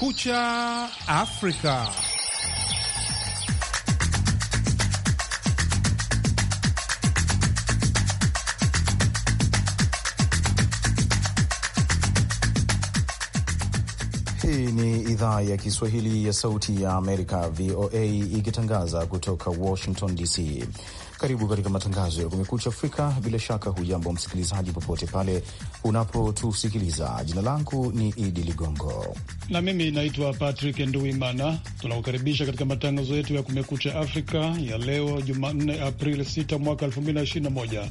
Kumekucha Afrika. idhaa ya Kiswahili ya Sauti ya Amerika, VOA, ikitangaza kutoka Washington DC. Karibu katika matangazo ya Kumekucha Afrika. Bila shaka, hujambo msikilizaji, popote pale unapotusikiliza. Jina langu ni Idi Ligongo na mimi naitwa Patrick Nduimana. Tunakukaribisha katika matangazo yetu ya Kumekucha Afrika ya leo Jumanne, Aprili 6 mwaka 2021.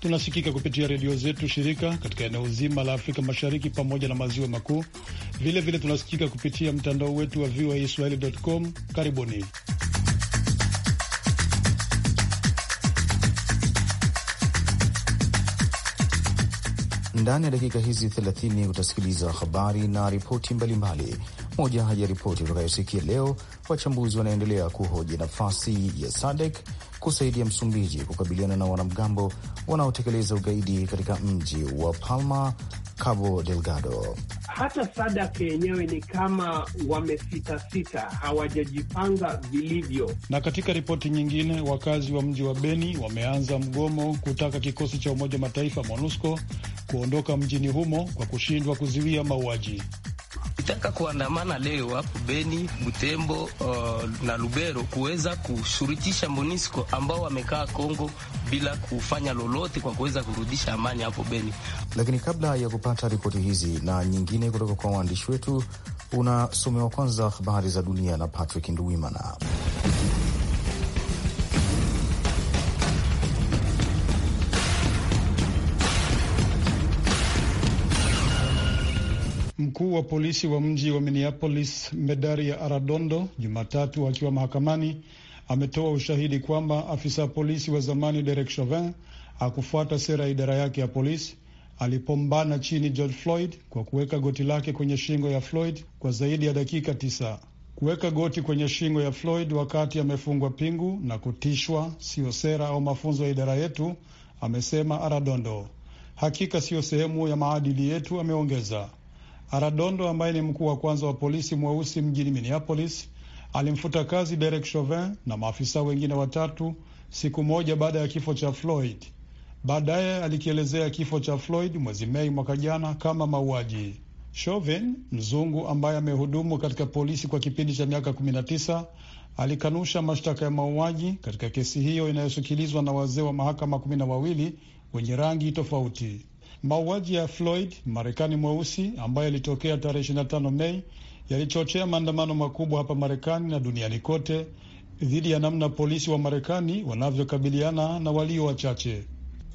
Tunasikika kupitia redio zetu shirika katika eneo zima la Afrika Mashariki pamoja na maziwa makuu. Vilevile tunasikika kupitia mtandao wetu wa VOA Swahili.com. Karibuni. Ndani ya dakika hizi 30 utasikiliza habari na ripoti mbalimbali. Moja ya ripoti utakayosikia leo, wachambuzi wanaendelea kuhoji nafasi ya Sadek kusaidia Msumbiji kukabiliana na wanamgambo wanaotekeleza ugaidi katika mji wa Palma Cabo Delgado. Hata Sadaka yenyewe ni kama wamesitasita, hawajajipanga vilivyo. Na katika ripoti nyingine, wakazi wa mji wa Beni wameanza mgomo kutaka kikosi cha Umoja Mataifa MONUSCO kuondoka mjini humo kwa kushindwa kuzuia mauaji tulitaka kuandamana leo hapo Beni, Butembo uh, na Lubero kuweza kushurutisha Monisco ambao wamekaa Kongo bila kufanya lolote kwa kuweza kurudisha amani hapo Beni. Lakini kabla ya kupata ripoti hizi na nyingine kutoka kwa waandishi wetu, unasomewa kwanza habari za dunia na Patrick Nduwimana. wa polisi wa mji wa Minneapolis, Medaria Aradondo, Jumatatu akiwa mahakamani, ametoa ushahidi kwamba afisa polisi wa zamani Derek Chauvin hakufuata sera ya idara yake ya polisi alipombana chini George Floyd kwa kuweka goti lake kwenye shingo ya Floyd kwa zaidi ya dakika tisa. Kuweka goti kwenye shingo ya Floyd wakati amefungwa pingu na kutishwa siyo sera au mafunzo ya idara yetu, amesema Aradondo. Hakika siyo sehemu ya maadili yetu, ameongeza. Aradondo ambaye ni mkuu wa kwanza wa polisi mweusi mjini Minneapolis alimfuta kazi Derek Chauvin na maafisa wengine watatu siku moja baada ya kifo cha Floyd. Baadaye alikielezea kifo cha Floyd mwezi Mei mwaka jana kama mauaji. Chauvin, mzungu ambaye amehudumu katika polisi kwa kipindi cha miaka 19, alikanusha mashtaka ya mauaji katika kesi hiyo inayosikilizwa na wazee wa mahakama kumi na wawili wenye rangi tofauti. Mauaji ya Floyd Marekani mweusi ambayo yalitokea tarehe 25 Mei yalichochea maandamano makubwa hapa Marekani na duniani kote dhidi ya namna polisi wa Marekani wanavyokabiliana na walio wachache.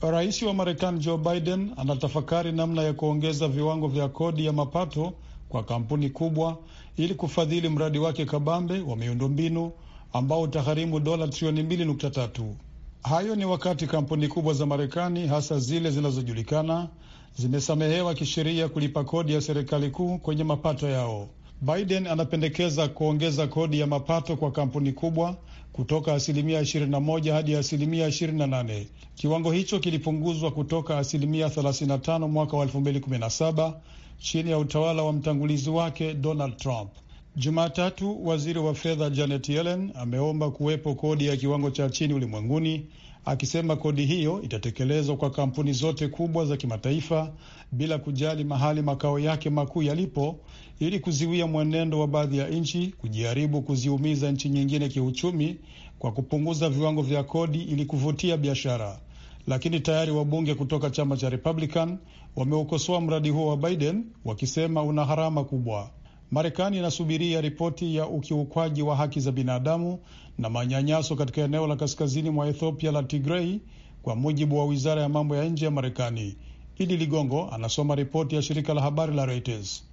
Rais wa Marekani Joe Biden anatafakari namna ya kuongeza viwango vya kodi ya mapato kwa kampuni kubwa ili kufadhili mradi wake kabambe wa miundombinu ambao utagharimu dola trilioni mbili nukta tatu. Hayo ni wakati kampuni kubwa za Marekani hasa zile zinazojulikana zimesamehewa kisheria kulipa kodi ya serikali kuu kwenye mapato yao. Biden anapendekeza kuongeza kodi ya mapato kwa kampuni kubwa kutoka asilimia 21 hadi asilimia 28. Kiwango hicho kilipunguzwa kutoka asilimia 35 mwaka wa 2017 chini ya utawala wa mtangulizi wake Donald Trump. Jumatatu waziri wa fedha Janet Yellen ameomba kuwepo kodi ya kiwango cha chini ulimwenguni, akisema kodi hiyo itatekelezwa kwa kampuni zote kubwa za kimataifa bila kujali mahali makao yake makuu yalipo, ili kuziwia mwenendo wa baadhi ya nchi kujaribu kuziumiza nchi nyingine kiuchumi kwa kupunguza viwango vya kodi ili kuvutia biashara. Lakini tayari wabunge kutoka chama cha Republican wameukosoa mradi huo wa Biden wakisema una harama kubwa. Marekani inasubiria ripoti ya ukiukwaji wa haki za binadamu na manyanyaso katika eneo la kaskazini mwa Ethiopia la Tigrei, kwa mujibu wa wizara ya mambo ya nje ya Marekani. Idi Ligongo anasoma ripoti ya shirika la habari la Reuters.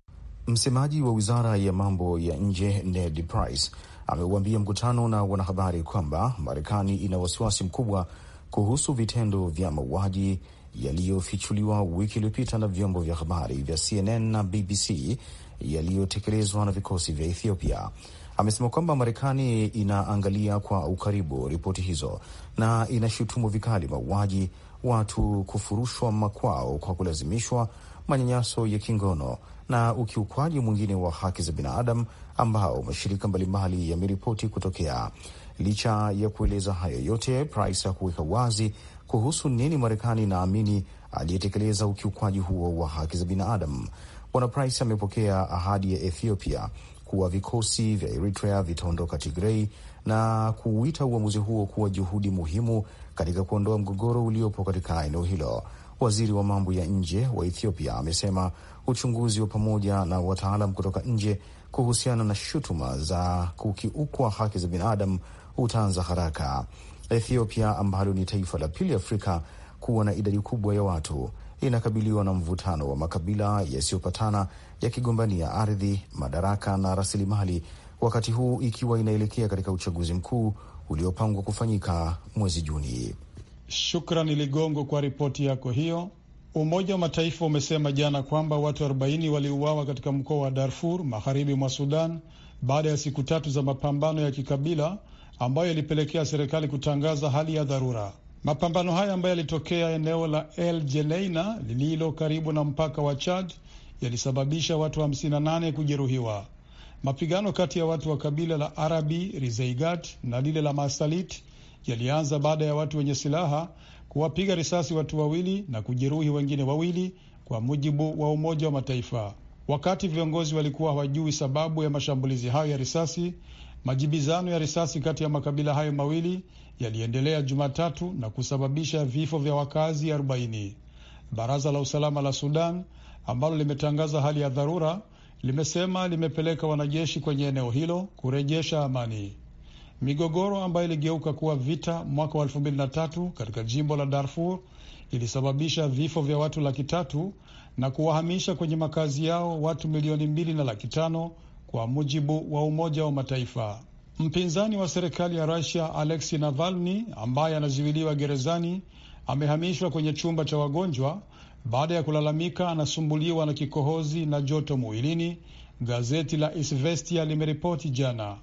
Msemaji wa wizara ya mambo ya nje Ned Price ameuambia mkutano na wanahabari kwamba Marekani ina wasiwasi mkubwa kuhusu vitendo vya mauaji yaliyofichuliwa wiki iliyopita na vyombo vya habari vya CNN na BBC yaliyotekelezwa na vikosi vya Ethiopia. Amesema kwamba Marekani inaangalia kwa ukaribu ripoti hizo na inashutumu vikali mauaji, watu kufurushwa makwao kwa kulazimishwa, manyanyaso ya kingono na ukiukwaji mwingine wa haki za binadamu ambao mashirika mbalimbali yameripoti kutokea. Licha ya kueleza hayo yote, Price hakuweka wazi kuhusu nini Marekani inaamini aliyetekeleza ukiukwaji huo wa haki za binadamu. Bwana Price amepokea ahadi ya Ethiopia kuwa vikosi vya Eritrea vitaondoka Tigrei na kuuita uamuzi huo kuwa juhudi muhimu katika kuondoa mgogoro uliopo katika eneo hilo. Waziri wa mambo ya nje wa Ethiopia amesema uchunguzi wa pamoja na wataalam kutoka nje kuhusiana na shutuma za kukiukwa haki za binadamu utaanza haraka. Ethiopia ambalo ni taifa la pili Afrika kuwa na idadi kubwa ya watu inakabiliwa na mvutano wa makabila yasiyopatana yakigombania ardhi, madaraka na rasilimali, wakati huu ikiwa inaelekea katika uchaguzi mkuu uliopangwa kufanyika mwezi Juni. Shukrani Ligongo kwa ripoti yako hiyo. Umoja wa Mataifa umesema jana kwamba watu 40 waliuawa katika mkoa wa Darfur magharibi mwa Sudan baada ya siku tatu za mapambano ya kikabila ambayo ilipelekea serikali kutangaza hali ya dharura. Mapambano haya ambayo yalitokea eneo la El Jeleina lililo karibu na mpaka wa Chad yalisababisha watu 58 wa kujeruhiwa. Mapigano kati ya watu wa kabila la Arabi Rizeigat na lile la Masalit yalianza baada ya watu wenye silaha kuwapiga risasi watu wawili na kujeruhi wengine wawili, kwa mujibu wa Umoja wa Mataifa. Wakati viongozi walikuwa hawajui sababu ya mashambulizi hayo ya risasi, Majibizano ya risasi kati ya makabila hayo mawili yaliendelea Jumatatu na kusababisha vifo vya wakazi 40. Baraza la usalama la Sudan ambalo limetangaza hali ya dharura limesema limepeleka wanajeshi kwenye eneo hilo kurejesha amani. Migogoro ambayo iligeuka kuwa vita mwaka wa 2003 katika jimbo la Darfur ilisababisha vifo vya watu laki tatu na kuwahamisha kwenye makazi yao watu milioni mbili na laki tano kwa mujibu wa Umoja wa Mataifa. Mpinzani wa serikali ya Rusia Alexei Navalny ambaye anazuiliwa gerezani amehamishwa kwenye chumba cha wagonjwa baada ya kulalamika anasumbuliwa na kikohozi na joto mwilini, gazeti la Isvestia limeripoti jana.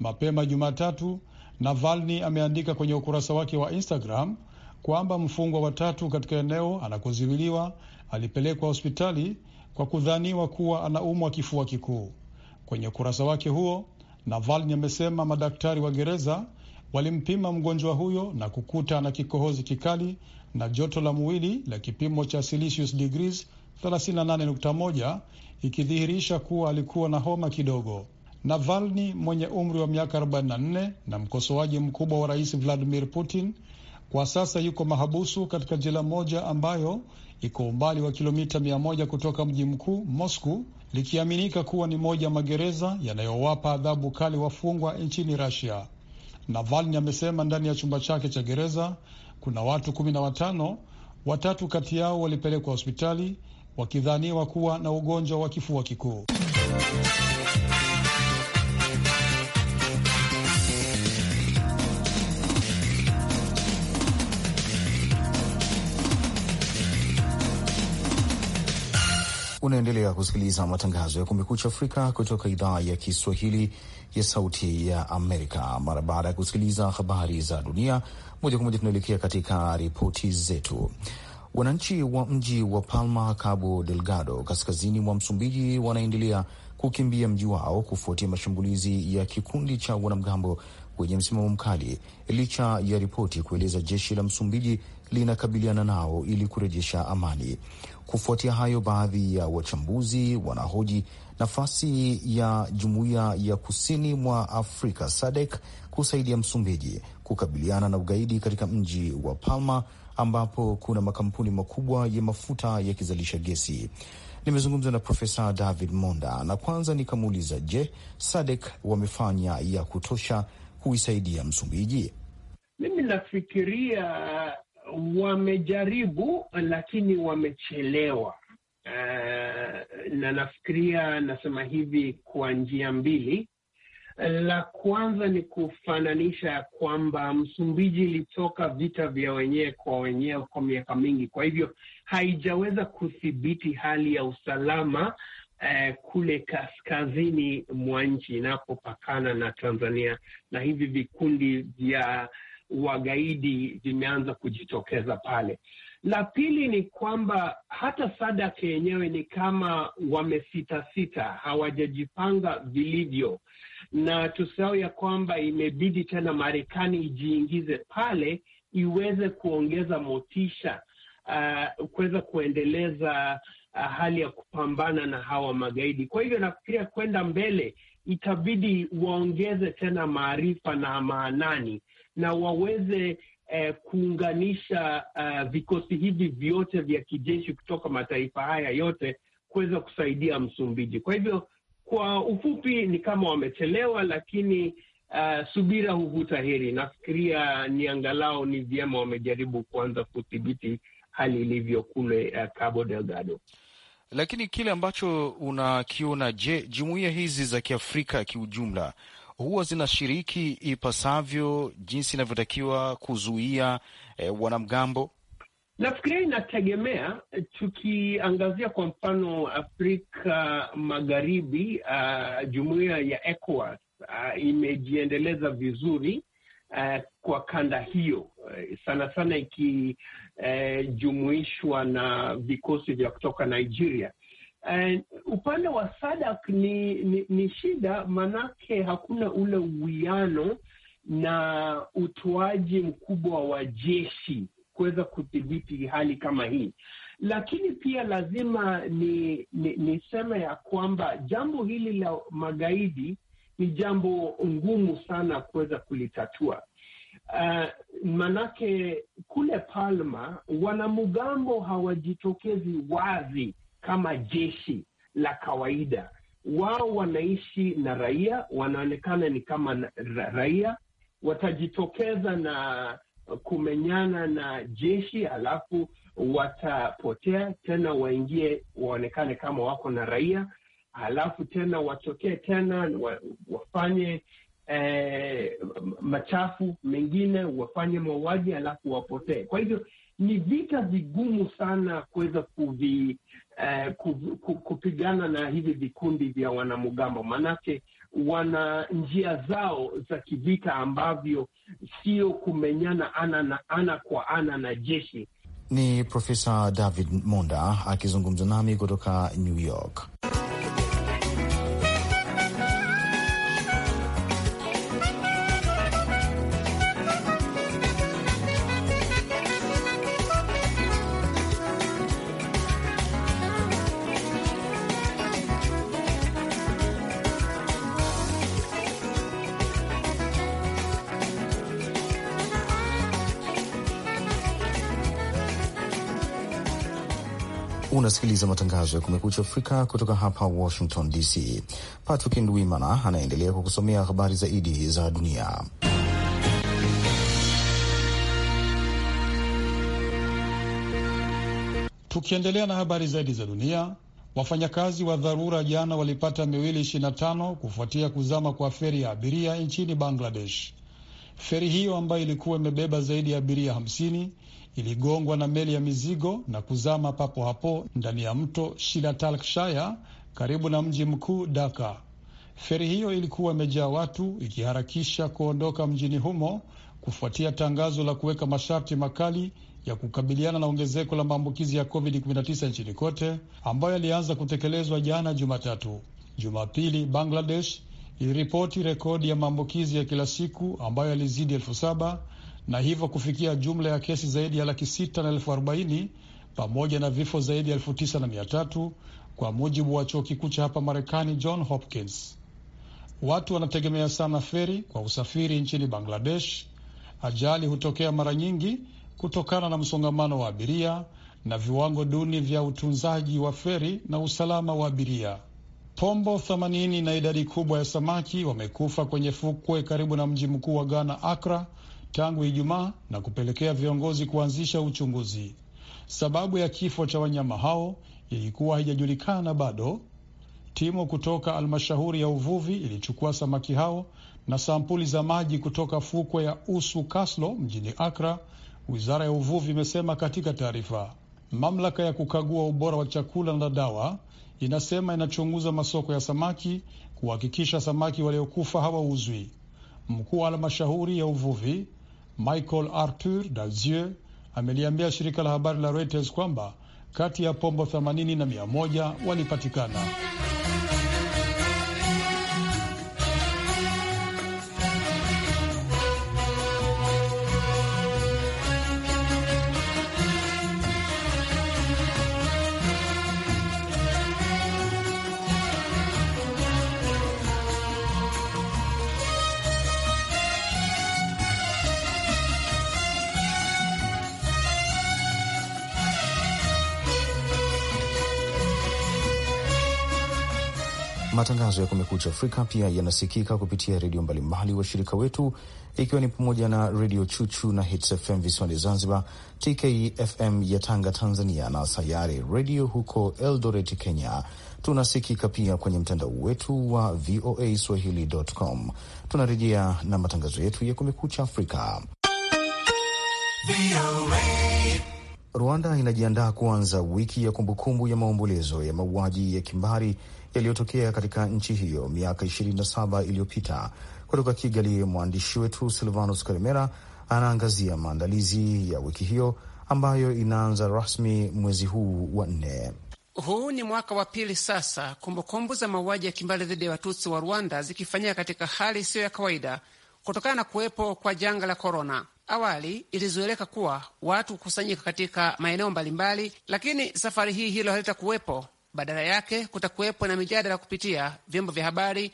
Mapema Jumatatu, Navalny ameandika kwenye ukurasa wake wa Instagram kwamba mfungwa watatu katika eneo anakozuiliwa alipelekwa hospitali kwa kudhaniwa kuwa anaumwa kifua kikuu. Kwenye ukurasa wake huo, Navalny amesema madaktari wa gereza walimpima mgonjwa huyo na kukuta na kikohozi kikali na joto la mwili la kipimo cha Celsius degrees 38.1 ikidhihirisha kuwa alikuwa na homa kidogo. Navalny mwenye umri wa miaka 44 na mkosoaji mkubwa wa rais Vladimir Putin kwa sasa yuko mahabusu katika jela moja ambayo iko umbali wa kilomita 100 kutoka mji mkuu Moscow likiaminika kuwa ni moja magereza yanayowapa adhabu kali wafungwa nchini Rasia. Navalny amesema ndani ya chumba chake cha gereza kuna watu kumi na watano, watatu kati yao walipelekwa hospitali wakidhaniwa kuwa na ugonjwa wa kifua kikuu. Unaendelea kusikiliza matangazo ya Kumekucha Afrika kutoka idhaa ya Kiswahili ya Sauti ya Amerika. Mara baada ya kusikiliza habari za dunia moja kwa moja, tunaelekea katika ripoti zetu. Wananchi wa mji wa Palma, Cabo Delgado, kaskazini mwa Msumbiji, wanaendelea kukimbia mji wao kufuatia mashambulizi ya kikundi cha wanamgambo wenye msimamo mkali, licha ya ripoti kueleza jeshi la Msumbiji linakabiliana nao ili kurejesha amani. Kufuatia hayo, baadhi ya wachambuzi wanahoji nafasi ya jumuiya ya kusini mwa Afrika SADC kusaidia Msumbiji kukabiliana na ugaidi katika mji wa Palma ambapo kuna makampuni makubwa ya mafuta yakizalisha gesi. Nimezungumza na Profesa David Monda na kwanza nikamuuliza, je, SADC wamefanya ya kutosha kuisaidia Msumbiji? Mimi nafikiria wamejaribu lakini wamechelewa. Uh, na nafikiria nasema hivi kwa njia mbili. La kwanza ni kufananisha ya kwamba Msumbiji ilitoka vita vya wenyewe kwa wenyewe kwa miaka mingi, kwa hivyo haijaweza kudhibiti hali ya usalama eh, kule kaskazini mwa nchi inapopakana na Tanzania, na hivi vikundi vya wagaidi zimeanza kujitokeza pale. La pili ni kwamba hata Sadak yenyewe ni kama wamesitasita, hawajajipanga vilivyo, na tusahau ya kwamba imebidi tena Marekani ijiingize pale iweze kuongeza motisha uh, kuweza kuendeleza uh, hali ya kupambana na hawa magaidi. Kwa hivyo nafikiria kwenda mbele itabidi waongeze tena maarifa na maanani na waweze eh, kuunganisha uh, vikosi hivi vyote vya kijeshi kutoka mataifa haya yote kuweza kusaidia Msumbiji. Kwa hivyo kwa ufupi ni kama wamechelewa, lakini uh, subira huvuta heri. Nafikiria ni angalau ni vyema wamejaribu kuanza kudhibiti hali ilivyo kule uh, Cabo Delgado. Lakini kile ambacho unakiona, je, jumuiya hizi za Kiafrika kiujumla huwa zinashiriki ipasavyo jinsi inavyotakiwa kuzuia e, wanamgambo? Nafikiria inategemea, tukiangazia kwa mfano Afrika Magharibi, uh, jumuiya ya ECOWAS uh, imejiendeleza vizuri uh, kwa kanda hiyo eh, sana sana ikijumuishwa uh, na vikosi vya kutoka Nigeria Uh, upande wa Sadak ni, ni, ni shida manake hakuna ule uwiano na utoaji mkubwa wa jeshi kuweza kudhibiti hali kama hii, lakini pia lazima ni, ni, niseme ya kwamba jambo hili la magaidi ni jambo ngumu sana kuweza kulitatua. Uh, manake kule Palma wanamgambo hawajitokezi wazi kama jeshi la kawaida. Wao wanaishi na raia, wanaonekana ni kama raia, watajitokeza na kumenyana na jeshi, alafu watapotea tena, waingie waonekane kama wako na raia, alafu tena watokee tena wafanye eh, machafu mengine, wafanye mauaji, alafu wapotee. Kwa hivyo ni vita vigumu sana kuweza kuvi eh, kupigana na hivi vikundi vya wanamgambo, maanake wana njia zao za kivita ambavyo sio kumenyana ana na ana kwa ana na jeshi. Ni Profesa David Monda akizungumza nami kutoka New York. Unasikiliza matangazo ya Kumekucha Afrika kutoka hapa Washington DC. Patrick Ndwimana anaendelea kukusomea habari zaidi za dunia. Tukiendelea na habari zaidi za dunia, wafanyakazi wa dharura jana walipata miwili 25 kufuatia kuzama kwa feri ya abiria nchini Bangladesh. Feri hiyo ambayo ilikuwa imebeba zaidi ya abiria 50 iligongwa na meli ya mizigo na kuzama papo hapo ndani ya mto Shilatalkshaya karibu na mji mkuu Dhaka. Feri hiyo ilikuwa imejaa watu ikiharakisha kuondoka mjini humo kufuatia tangazo la kuweka masharti makali ya kukabiliana na ongezeko la maambukizi ya COVID-19 nchini kote ambayo yalianza kutekelezwa jana Jumatatu. Jumapili, Bangladesh iliripoti rekodi ya maambukizi ya kila siku ambayo yalizidi elfu saba na hivyo kufikia jumla ya kesi zaidi ya laki sita na elfu arobaini pamoja na vifo zaidi ya elfu tisa na mia tatu kwa mujibu wa chuo kikuu cha hapa Marekani John Hopkins. Watu wanategemea sana feri kwa usafiri nchini Bangladesh. Ajali hutokea mara nyingi kutokana na msongamano wa abiria na viwango duni vya utunzaji wa feri na usalama wa abiria. Pombo 80 na idadi kubwa ya samaki wamekufa kwenye fukwe karibu na mji mkuu wa Ghana, Accra, tangu Ijumaa na kupelekea viongozi kuanzisha uchunguzi. Sababu ya kifo cha wanyama hao ilikuwa haijajulikana bado. Timu kutoka almashauri ya uvuvi ilichukua samaki hao na sampuli za maji kutoka fukwe ya Usu Kaslo mjini Akra, wizara ya uvuvi imesema katika taarifa. Mamlaka ya kukagua ubora wa chakula na dawa inasema inachunguza masoko ya samaki kuhakikisha samaki waliokufa hawauzwi. Mkuu wa halmashauri ya uvuvi Michael Arthur Dazieu ameliambia shirika la habari la Reuters kwamba kati ya pombo 80 na 100 walipatikana. Matangazo ya Kumekucha Afrika pia yanasikika kupitia redio mbalimbali washirika wetu, ikiwa ni pamoja na Redio Chuchu na Hits FM visiwani Zanzibar, TKFM ya Tanga Tanzania, na Sayare Redio huko Eldoret Kenya. Tunasikika pia kwenye mtandao wetu wa VOA Swahili.com. Tunarejea na matangazo yetu ya Kumekucha Afrika. Rwanda inajiandaa kuanza wiki ya kumbukumbu ya maombolezo ya mauaji ya kimbari yaliyotokea katika nchi hiyo miaka 27 iliyopita. Kutoka Kigali, mwandishi wetu Silvanus Karimera anaangazia maandalizi ya wiki hiyo ambayo inaanza rasmi mwezi huu wa nne. Huu ni mwaka wa pili sasa kumbukumbu za mauaji ya kimbari dhidi ya Watutsi wa Rwanda zikifanyika katika hali isiyo ya kawaida kutokana na kuwepo kwa janga la korona. Awali ilizoeleka kuwa watu hukusanyika katika maeneo mbalimbali, lakini safari hii hilo halitakuwepo. Badala yake kutakuwepo na mijadala kupitia vyombo vya habari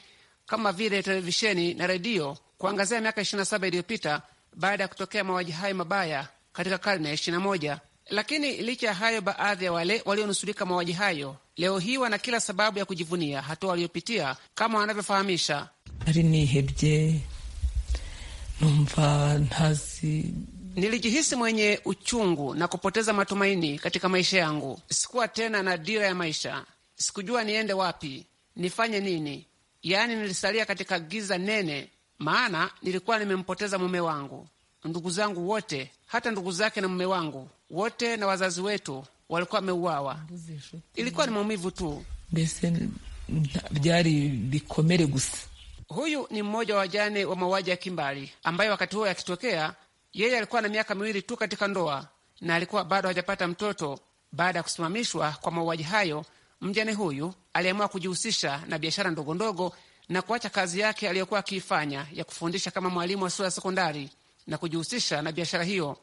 kama vile televisheni na redio kuangazia miaka 27 iliyopita baada ya kutokea mauaji hayo mabaya katika karne ya 21. Lakini licha ya hayo, baadhi ya wale walionusurika mauaji hayo leo hii wana kila sababu ya kujivunia hatua waliyopitia kama wanavyofahamisha Nilijihisi mwenye uchungu na kupoteza matumaini katika maisha yangu. Sikuwa tena na dira ya maisha, sikujua niende wapi, nifanye nini. Yaani nilisalia katika giza nene, maana nilikuwa nimempoteza mume wangu, ndugu zangu wote, hata ndugu zake na mume wangu wote na wazazi wetu walikuwa wameuawa. Ilikuwa ni maumivu tu mbese byari bikomere gusa Huyu ni mmoja wa wajane wa mauaji ya kimbali ambaye wakati huo yakitokea, yeye alikuwa na miaka miwili tu katika ndoa na alikuwa bado hajapata mtoto. Baada ya kusimamishwa kwa mauaji hayo, mjane huyu aliamua kujihusisha na biashara ndogondogo na kuacha kazi yake aliyokuwa akiifanya ya kufundisha kama mwalimu wa shule ya sekondari na kujihusisha na biashara hiyo.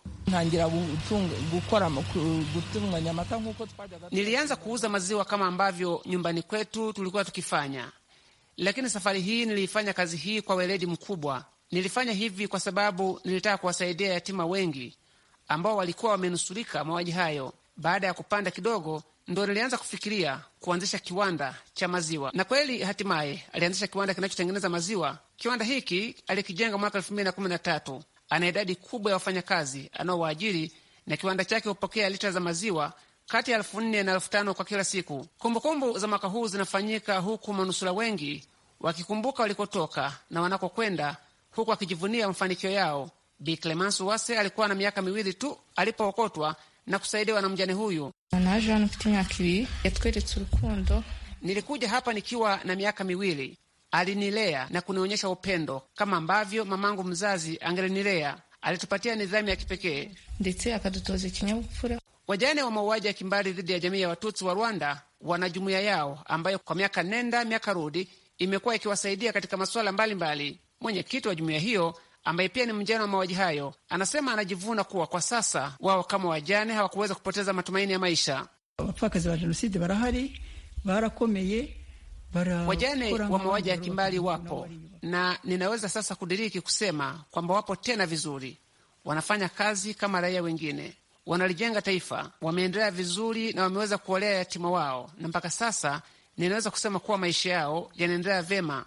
Nilianza kuuza maziwa kama ambavyo nyumbani kwetu tulikuwa tukifanya lakini safari hii niliifanya kazi hii kwa weledi mkubwa. Nilifanya hivi kwa sababu nilitaka kuwasaidia yatima wengi ambao walikuwa wamenusurika mauaji hayo. Baada ya kupanda kidogo, ndo nilianza kufikiria kuanzisha kiwanda cha maziwa, na kweli hatimaye alianzisha kiwanda kinachotengeneza maziwa. Kiwanda hiki alikijenga mwaka elfu mbili na kumi na tatu. Ana idadi kubwa ya wafanyakazi anaowaajiri na kiwanda chake hupokea lita za maziwa kati ya elfu nne na elfu tano kwa kila siku. Kumbukumbu za mwaka huu zinafanyika huku manusura wengi wakikumbuka walikotoka na wanakokwenda, huku akijivunia mafanikio yao. Bi Clemence Wase alikuwa na miaka miwili tu alipookotwa na kusaidiwa na mjane huyu. Nilikuja hapa nikiwa na miaka miwili, alinilea na kunionyesha upendo kama ambavyo mamangu mzazi angelinilea. Alitupatia nidhamu ya kipekee. Wajane wa mauaji ya kimbari dhidi ya jamii ya Watutsi wa Rwanda wana jumuiya yao ambayo kwa miaka nenda miaka rudi imekuwa ikiwasaidia katika masuala mbalimbali. Mwenyekiti wa jumuiya hiyo ambaye pia ni mjane wa mauaji hayo anasema anajivuna kuwa kwa sasa wao kama wajane hawakuweza kupoteza matumaini ya maisha. jenoside barahari barakomeye bara... wajane wa mauaji ya kimbali wapo, na ninaweza sasa kudiriki kusema kwamba wapo tena vizuri, wanafanya kazi kama raia wengine wanalijenga taifa, wameendelea vizuri na wameweza kuolea yatima wao, na mpaka sasa ninaweza kusema kuwa maisha yao yanaendelea vema.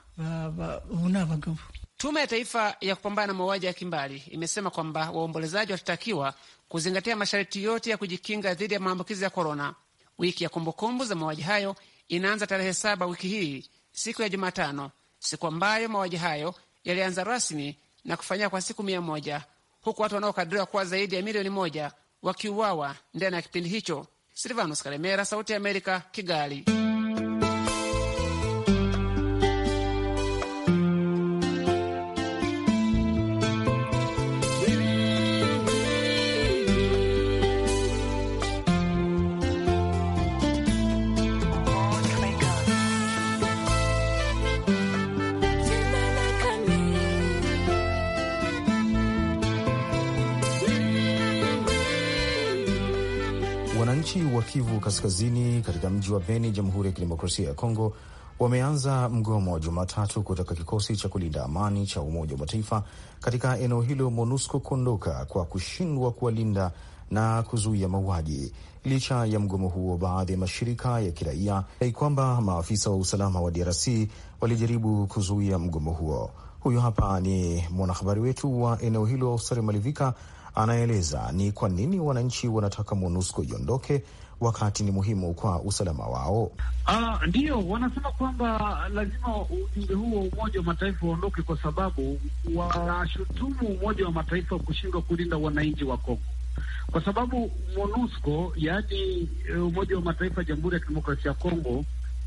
Tume ya Taifa ya Kupambana na Mauaji ya Kimbali imesema kwamba waombolezaji watatakiwa kuzingatia masharti yote ya kujikinga dhidi ya maambukizi ya korona. Wiki ya kumbukumbu za mauaji hayo inaanza tarehe saba wiki hii, siku ya Jumatano, siku ambayo mauaji hayo yalianza rasmi na kufanyika kwa siku mia moja huku watu wanaokadiriwa kuwa zaidi ya milioni moja wakiuawa ndani ya kipindi hicho. Silvanus Karemera, Sauti ya Amerika, Kigali. kaskazini katika mji wa Beni, Jamhuri ya Kidemokrasia ya Kongo wameanza mgomo wa Jumatatu kutaka kikosi cha kulinda amani cha Umoja wa Mataifa katika eneo hilo MONUSCO kuondoka kwa kushindwa kuwalinda na kuzuia mauaji. Licha ya mgomo huo, baadhi ya mashirika ya kiraia dai kwamba maafisa wa usalama wa DRC walijaribu kuzuia mgomo huo. Huyu hapa ni mwanahabari wetu wa eneo hilo Sare Malivika anaeleza ni kwa nini wananchi wanataka MONUSCO iondoke wakati ni muhimu kwa usalama wao? Ah, ndiyo wanasema kwamba lazima ujumbe huu wa Umoja wa Mataifa waondoke kwa sababu wanashutumu Umoja wa Mataifa kushindwa kulinda wananchi wa Kongo kwa sababu MONUSCO yaani eh, Umoja wa Mataifa Jamhuri ya Kidemokrasia ya Kongo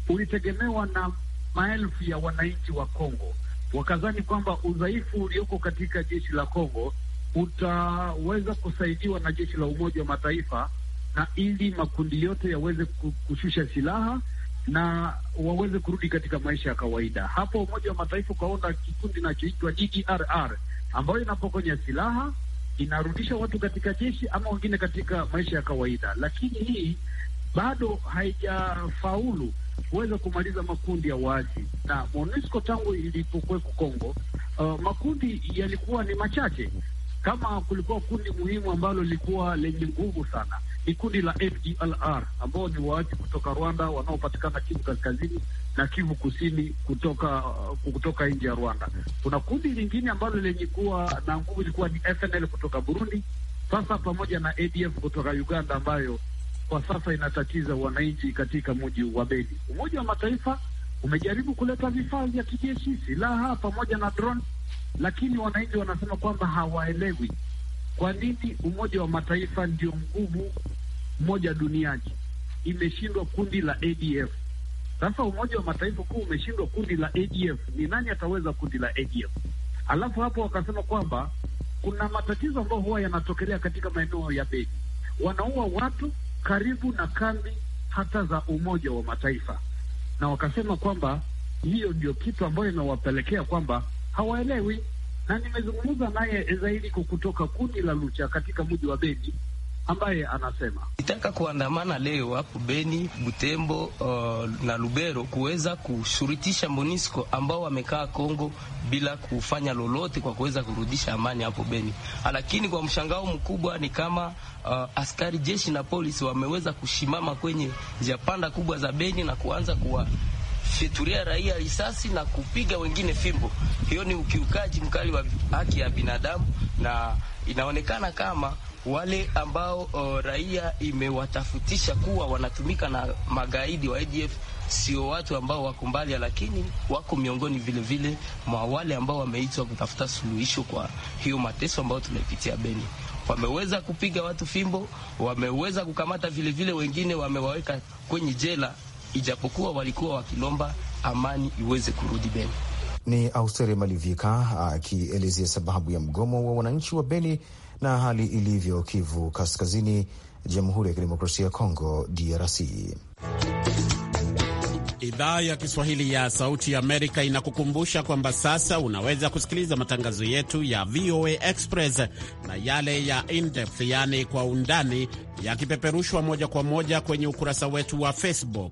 ulitegemewa na maelfu ya wananchi wa Kongo, wakazani kwamba udhaifu ulioko katika jeshi la Kongo utaweza kusaidiwa na jeshi la Umoja wa Mataifa na ili makundi yote yaweze kushusha silaha na waweze kurudi katika maisha ya kawaida. Hapo Umoja wa Mataifa ukaona kikundi inachoitwa DDRR ambayo inapokonya silaha inarudisha watu katika jeshi ama wengine katika maisha ya kawaida, lakini hii bado haijafaulu kuweza kumaliza makundi ya waasi. Na MONUSCO tangu ilipokuweko Kongo, uh, makundi yalikuwa ni machache. Kama kulikuwa kundi muhimu ambalo lilikuwa lenye nguvu sana ni kundi la FDLR ambao ni waasi kutoka Rwanda wanaopatikana Kivu kaskazini na Kivu kusini kutoka kutoka nje ya Rwanda. Kuna kundi lingine ambalo lenye kuwa na nguvu ilikuwa ni FNL kutoka Burundi, sasa pamoja na ADF kutoka Uganda ambayo kwa sasa inatatiza wananchi katika mji wa Beni. Umoja wa Mataifa umejaribu kuleta vifaa vya kijeshi, silaha pamoja na drone, lakini wananchi wanasema kwamba hawaelewi kwa nini Umoja wa Mataifa ndio nguvu moja duniani imeshindwa kundi la ADF? Sasa Umoja wa Mataifa kuwa umeshindwa kundi la ADF, ni nani ataweza kundi la ADF? Alafu hapo wakasema kwamba kuna matatizo ambayo huwa yanatokelea katika maeneo ya Beni, wanaua watu karibu na kambi hata za Umoja wa Mataifa, na wakasema kwamba hiyo ndio kitu ambayo imewapelekea kwamba hawaelewi na nimezungumza naye Zairiko kutoka kundi la Lucha katika mji wa Beni ambaye anasema nitaka kuandamana leo hapo Beni, Butembo uh, na Lubero kuweza kushurutisha Monisco ambao wamekaa Kongo bila kufanya lolote kwa kuweza kurudisha amani hapo Beni. Lakini kwa mshangao mkubwa ni kama uh, askari jeshi na polisi wameweza kushimama kwenye njia panda kubwa za Beni na kuanza kuwa kufyatulia raia risasi na kupiga wengine fimbo. Hiyo ni ukiukaji mkali wa haki ya binadamu, na inaonekana kama wale ambao o, raia imewatafutisha kuwa wanatumika na magaidi wa ADF sio watu ambao wako mbali, lakini wako miongoni vilevile mwa wale ambao wameitwa kutafuta suluhisho kwa hiyo mateso ambayo tumepitia Beni. Wameweza kupiga watu fimbo, wameweza kukamata vilevile, wengine wamewaweka kwenye jela ijapokuwa walikuwa wakilomba amani iweze kurudi Beni. Ni austeri Malivika akielezea sababu ya mgomo wa wananchi wa Beni na hali ilivyo Kivu Kaskazini, Jamhuri ya Kidemokrasia ya Kongo, DRC. Idhaa ya Kiswahili ya Sauti ya Amerika inakukumbusha kwamba sasa unaweza kusikiliza matangazo yetu ya VOA Express na yale ya in-depth, yaani kwa undani, yakipeperushwa moja kwa moja kwenye ukurasa wetu wa Facebook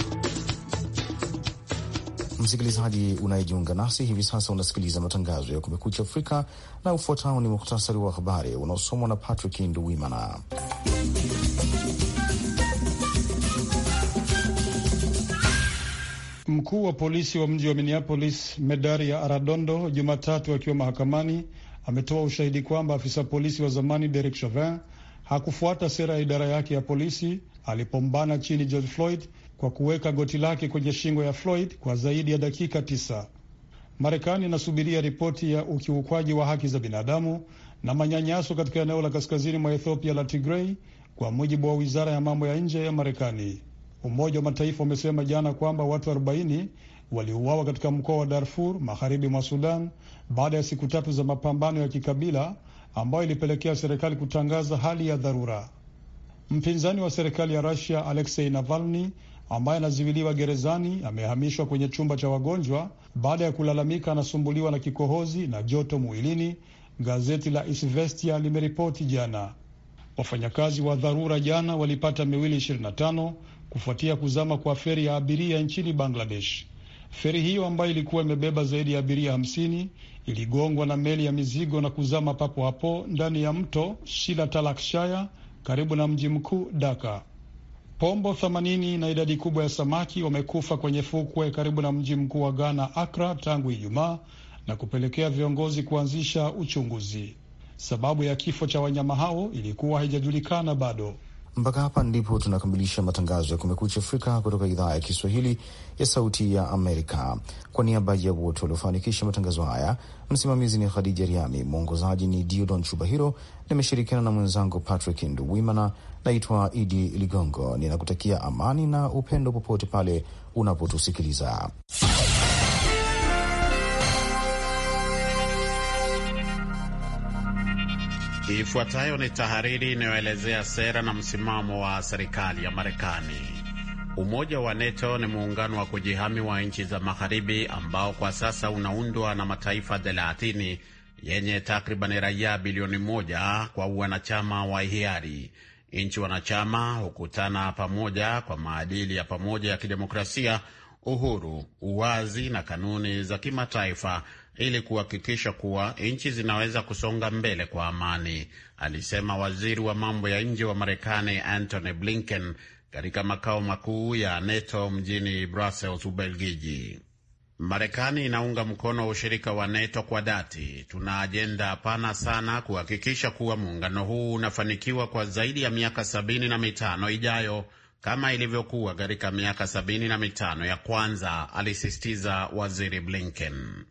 Msikilizaji unayejiunga nasi hivi sasa, unasikiliza matangazo ya Kumekucha Afrika, na ufuatao ni muhtasari wa habari unaosomwa na Patrick Nduwimana. Mkuu wa polisi wa mji wa Minneapolis, medari ya Aradondo, Jumatatu akiwa mahakamani, ametoa ushahidi kwamba afisa polisi wa zamani Derek Chauvin hakufuata sera ya idara yake ya polisi alipombana chini George Floyd kwa kuweka goti lake kwenye shingo ya Floyd kwa zaidi ya dakika tisa. Marekani inasubiria ripoti ya ukiukwaji wa haki za binadamu na manyanyaso katika eneo la kaskazini mwa Ethiopia la Tigrei, kwa mujibu wa wizara ya mambo ya nje ya Marekani. Umoja wa Mataifa umesema jana kwamba watu 40 waliuawa katika mkoa wa Darfur magharibi mwa Sudan baada ya siku tatu za mapambano ya kikabila ambayo ilipelekea serikali kutangaza hali ya dharura. Mpinzani wa serikali ya Rusia Aleksei Navalny ambaye anaziwiliwa gerezani amehamishwa kwenye chumba cha wagonjwa baada ya kulalamika anasumbuliwa na kikohozi na joto mwilini, gazeti la Isvestia limeripoti jana. Wafanyakazi wa dharura jana walipata miwili 25 kufuatia kuzama kwa feri ya abiria nchini Bangladesh. Feri hiyo ambayo ilikuwa imebeba zaidi ya abiria 50 iligongwa na meli ya mizigo na kuzama papo hapo ndani ya mto Shila Talakshaya karibu na mji mkuu Daka. Pombo 80 na idadi kubwa ya samaki wamekufa kwenye fukwe karibu na mji mkuu wa Ghana, akra tangu Ijumaa na kupelekea viongozi kuanzisha uchunguzi. Sababu ya kifo cha wanyama hao ilikuwa haijajulikana bado. Mpaka hapa ndipo tunakamilisha matangazo ya Kumekucha Afrika kutoka idhaa ya Kiswahili ya Sauti ya Amerika. Kwa niaba ya wote waliofanikisha matangazo haya, msimamizi ni Khadija Riami, mwongozaji ni Diodon Chubahiro. Nimeshirikiana na mwenzangu Patrick Nduwimana. Naitwa Idi Ligongo, ninakutakia amani na upendo popote pale unapotusikiliza. Ifuatayo ni tahariri inayoelezea sera na msimamo wa serikali ya Marekani. Umoja wa NATO ni muungano wa kujihami wa nchi za magharibi ambao kwa sasa unaundwa na mataifa 30 yenye takriban raia bilioni moja kwa wanachama wa hiari. Nchi wanachama hukutana pamoja kwa maadili ya pamoja ya kidemokrasia, uhuru, uwazi na kanuni za kimataifa ili kuhakikisha kuwa nchi zinaweza kusonga mbele kwa amani, alisema waziri wa mambo ya nje wa Marekani Antony Blinken katika makao makuu ya NATO mjini Brussels, Ubelgiji. Marekani inaunga mkono ushirika wa NATO kwa dhati. Tuna ajenda pana sana kuhakikisha kuwa muungano huu unafanikiwa kwa zaidi ya miaka sabini na mitano ijayo kama ilivyokuwa katika miaka sabini na mitano ya kwanza, alisisitiza waziri Blinken.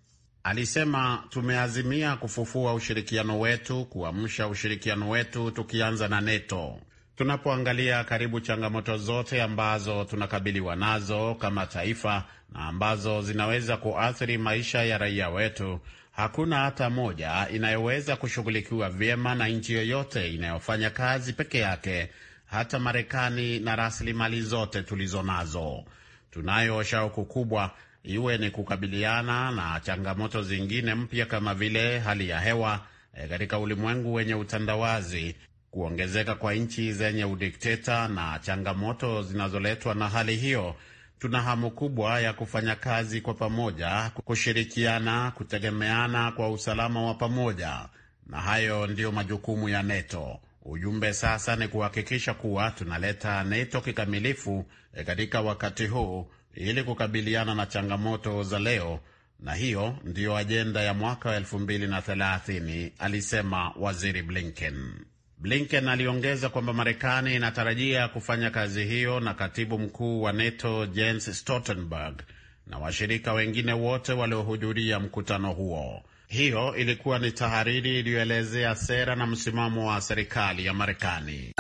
Alisema tumeazimia kufufua ushirikiano wetu, kuamsha ushirikiano wetu tukianza na NATO. Tunapoangalia karibu changamoto zote ambazo tunakabiliwa nazo kama taifa na ambazo zinaweza kuathiri maisha ya raia wetu, hakuna hata moja inayoweza kushughulikiwa vyema na nchi yoyote inayofanya kazi peke yake, hata Marekani na rasilimali zote tulizo nazo. Tunayo shauku kubwa iwe ni kukabiliana na changamoto zingine mpya kama vile hali ya hewa eh, katika ulimwengu wenye utandawazi, kuongezeka kwa nchi zenye udikteta na changamoto zinazoletwa na hali hiyo. Tuna hamu kubwa ya kufanya kazi kwa pamoja, kushirikiana, kutegemeana kwa usalama wa pamoja, na hayo ndiyo majukumu ya NATO. Ujumbe sasa ni kuhakikisha kuwa tunaleta NATO kikamilifu eh, katika wakati huu ili kukabiliana na changamoto za leo, na hiyo ndiyo ajenda ya mwaka wa 230 alisema Waziri Blinken. Blinken aliongeza kwamba Marekani inatarajia kufanya kazi hiyo na katibu mkuu wa NATO Jens Stoltenberg na washirika wengine wote waliohudhuria mkutano huo. Hiyo ilikuwa ni tahariri iliyoelezea sera na msimamo wa serikali ya Marekani.